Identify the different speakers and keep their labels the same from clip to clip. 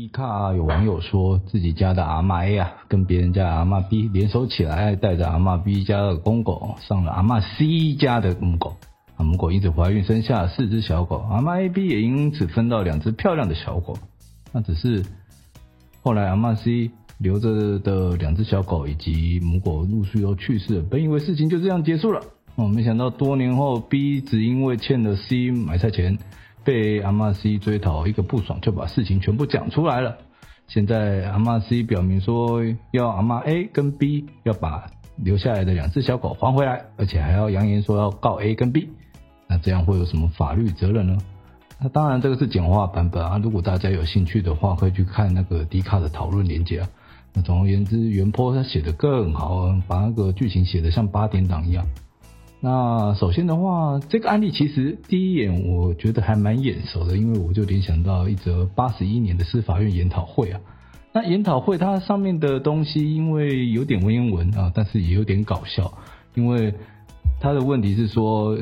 Speaker 1: D 卡，有網友說自己家的阿嬤 A 啊，跟別人家的阿嬤 B 聯手起來，帶着阿嬤 B 家的公狗上了阿嬤 C 家的母狗，母狗因此懷孕生下了四隻小狗，阿嬤 A、B 也因此分到兩隻漂亮的小狗。那只是後來阿嬤 C 留着的兩隻小狗以及母狗陸續都去世了，本以為事情就這樣結束了，我、哦、沒想到多年後 B 只因為欠了 C 買菜錢。被阿嬤 C 追討一個不爽，就把事情全部講出來了。現在阿嬤 C 表明說要阿嬤 A 跟 B 要把留下來的兩只小狗還回來，而且還要揚言說要告 A 跟 B。那這樣會有什麼法律責任呢？那當然這個是簡化版本啊，如果大家有興趣的話，可以去看那個迪卡的討論連結啊。那總而言之，原 PO 他寫得更好、啊，把那個劇情寫得像八點檔一樣。那首先的話，這個案例其實第一眼我覺得還蠻眼熟的，因為我就聯想到一則八十一年的司法院研討會啊。那研討會它上面的東西，因為有點文言文啊，但是也有點搞笑，因為他的問題是說，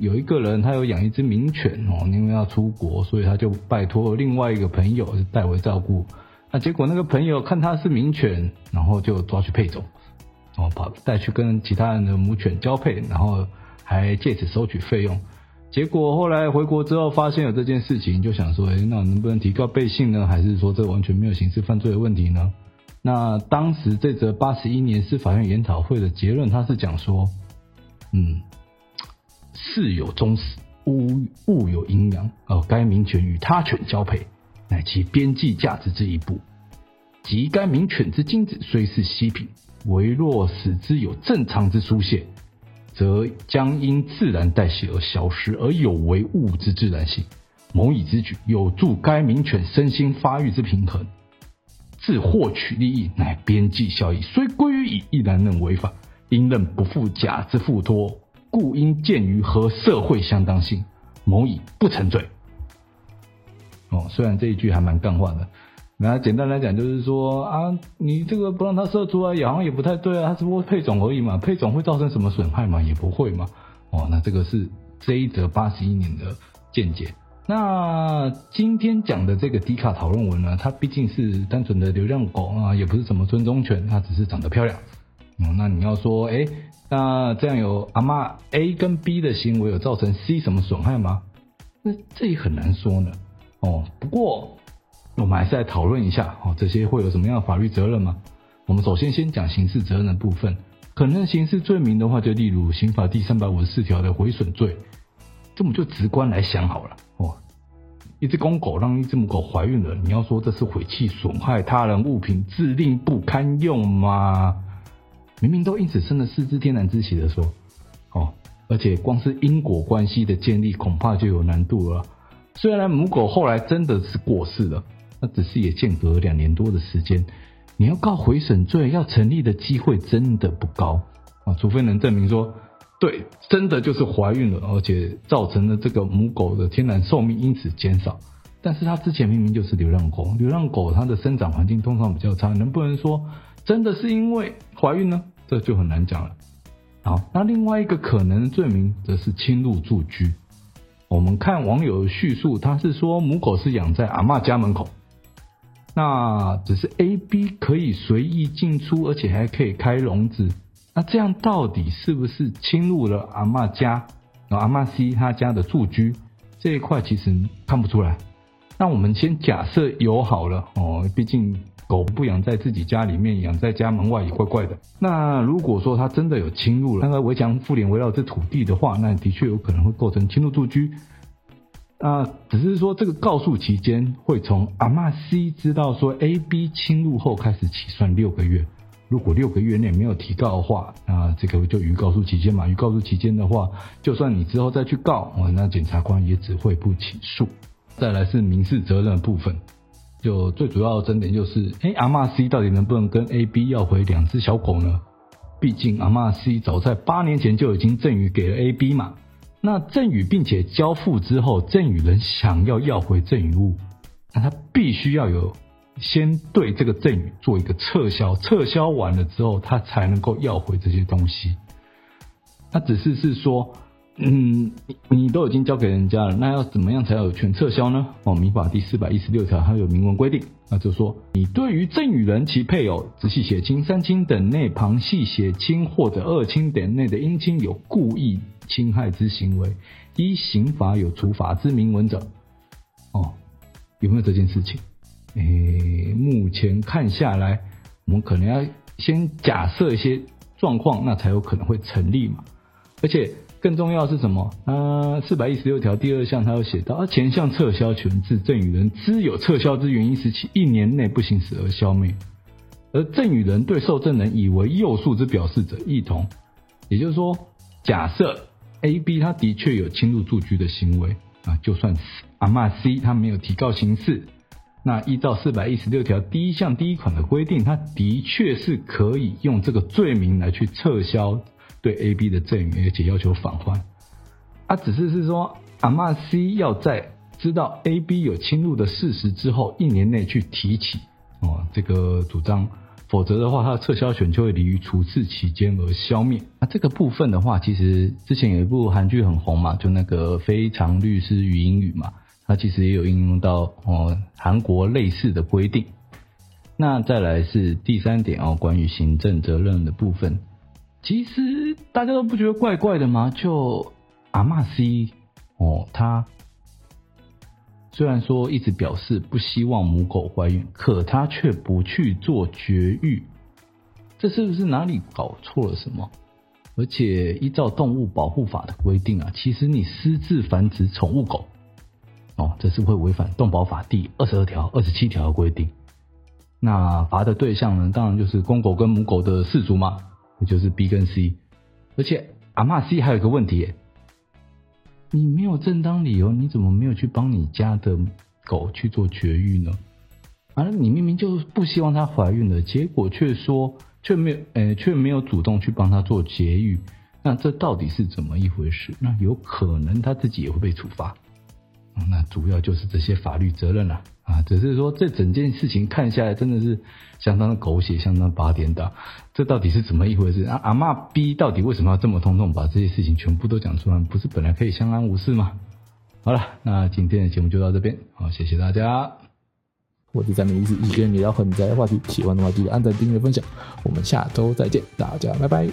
Speaker 1: 有一個人他有養一隻名犬哦，因為要出國，所以他就拜托了另外一個朋友代為照顧。那結果那個朋友看他是名犬，然後就抓去配種。哦，跑，帶去跟其他人的母犬交配，然後還借此收取費用。結果後來回國之後，發現了這件事情，就想說：哎、欸，那能不能提告背信呢？還是說這完全沒有刑事犯罪的問題呢？那當時這則八十一年司法院研討會的結論，他是講說：嗯，事有終始，物物有陰陽。哦、呃，該名犬與他犬交配，乃其邊際價值之一步。即該名犬之精子雖是稀品。唯若使之有正常之出現，則將因自然代謝而消失，而有為物之自然性。某乙之舉有助該名犬身心發育之平衡，自獲取利益乃邊際效益，雖歸於乙，依然認違法。因認不負甲之付託，故應鑒於和社會相當性，某乙不成罪。哦，雖然這一句還蠻幹話的。那簡單來講，就是說啊，你這個不讓他射出來啊，好像也不太對啊，他只不過配種而已嘛，配種會造成什麼損害嘛？也不會嘛。哦，那這個是這一則八十一年的見解。那今天講的這個 Dcard 討論文呢，它畢竟是單純的流浪狗啊，也不是什麼純種犬，它只是長得漂亮。哦、嗯，那你要說，哎、欸，那這樣有阿嬤 A 跟 B 的行為有造成 C 什麼損害嗎？那這也很難說呢。哦，不過。我們還是來討論一下哦，這些會有什麼樣的法律責任嗎？我們首先先講刑事責任的部分，可能刑事罪名的話，就例如刑法第三百五十四條的毀損罪。這我們就直觀來想好了哦，一只公狗讓一只母狗懷孕了，你要說這是毀棄損害他人物品，致令不堪用嗎？明明都因此生了四只天然之喜的說哦，而且光是因果關係的建立，恐怕就有難度了。雖然母狗後來真的是過世了。那只是也間隔兩年多的時間，你要告毀損罪，要成立的機會真的不高啊！除非能證明說，對，真的就是懷孕了，而且造成了這個母狗的天然壽命因此減少。但是它之前明明就是流浪狗，流浪狗它的生長環境通常比較差，能不能說真的是因為懷孕呢？這就很難講了。好，那另外一個可能的罪名則是侵入住居。我們看網友敘述，他是說母狗是養在阿嬤家門口，那只是 A、B 可以隨意進出，而且還可以開籠子。那這樣到底是不是侵入了阿嬤家？然後，哦，阿嬤 C 他家的住居這一塊其實看不出來。那我們先假設有好了哦，畢竟狗不養在自己家裡面，養在家門外也怪怪的。那如果說他真的有侵入了那個圍牆附連圍繞著土地的話，那的確有可能會構成侵入住居。啊，只是說，這個告訴期間會從阿瑪 c 知道說 A B 侵入後開始起算六個月，如果六個月內沒有提告的話，那這個就於告訴期間嘛。於告訴期間的話，就算你之後再去告，那檢察官也只會不起訴。再來是民事責任的部分，就最主要的爭點就是，哎阿瑪 c 到底能不能跟 A B 要回兩隻小狗呢？畢竟阿瑪 c 早在八年前就已經贈予給了 A B 嘛。那贈與並且交付之後，贈與人想要要回贈與物，那他必須要有先對這個贈與做一個撤銷，撤銷完了之後，他才能夠要回這些東西。他只是是說，嗯，你都已經交給人家了，那要怎麼樣才有權撤銷呢？哦，《民法》第四百一十六條它有明文規定，那就是說，你對於贈與人其配偶、直系血親、三親等內旁系血親或者二親等內的姻親有故意。侵害之行為，依刑法有處罰之明文者，哦，有沒有這件事情？誒、欸，目前看下來，我們可能要先假設一些狀況，那才有可能會成立嘛。而且更重要的是什麼？啊、呃，四百一十六條第二項它有寫到，前項撤銷權自贈與人知有撤銷之原因時起，一年內不行使而消滅，而贈與人對受贈人以為宥恕之表示者，亦同。也就是說，假設。A、B，他的確有侵入住居的行為啊，就算是阿嬤 C 他沒有提告刑事，那依照四百一十六條第一項第一款的規定，他的確是可以用這個罪名來去撤銷對 A、B 的贈與，而且要求返還。他、啊、只是是說阿嬤 C 要在知道 A、B 有侵入的事實之後一年內去提起哦這個主張。否則的話，他的撤銷權就會罹於除斥期間而消滅。那這個部分的話，其實之前有一部韓劇很紅嘛，就那個《非常律師禹英雨》嘛，它其實也有應用到哦韓國類似的規定。那再來是第三點哦，關於行政責任的部分，其實大家都不覺得怪怪的嗎？就阿嬤西哦，他。雖然說一直表示不希望母狗懷孕，可它卻不去做絕育，這是不是哪裡搞錯了什麼？而且依照動物保護法的規定啊，其實你私自繁殖寵物狗，哦，這是會違反動保法第二十二條、二十七條的規定。那罰的對象呢？當然就是公狗跟母狗的飼主嘛，也就是 B 跟 C。而且阿嬤 C 還有一個問題欸。你沒有正當理由，你怎麼沒有去幫你家的狗去做絕育呢？而、啊、你明明就是不希望它懷孕的，結果卻說卻沒有，呃、欸，卻沒有主動去幫它做絕育，那這到底是怎麼一回事？那有可能他自己也會被處罰。那主要就是這些法律責任了啊，啊，只是說這整件事情看下來真的是相當的狗血，相當八點檔。這到底是怎麼一回事啊？阿嬤逼到底為什麼要這麼通通把這些事情全部都講出來？不是本來可以相安無事嗎？好了，那今天的節目就到這邊，好，謝謝大家。我是宅米律師，一個人也聊很宅的話題，喜歡的話記得按讚、訂閱、分享。我們下周再見，大家拜拜。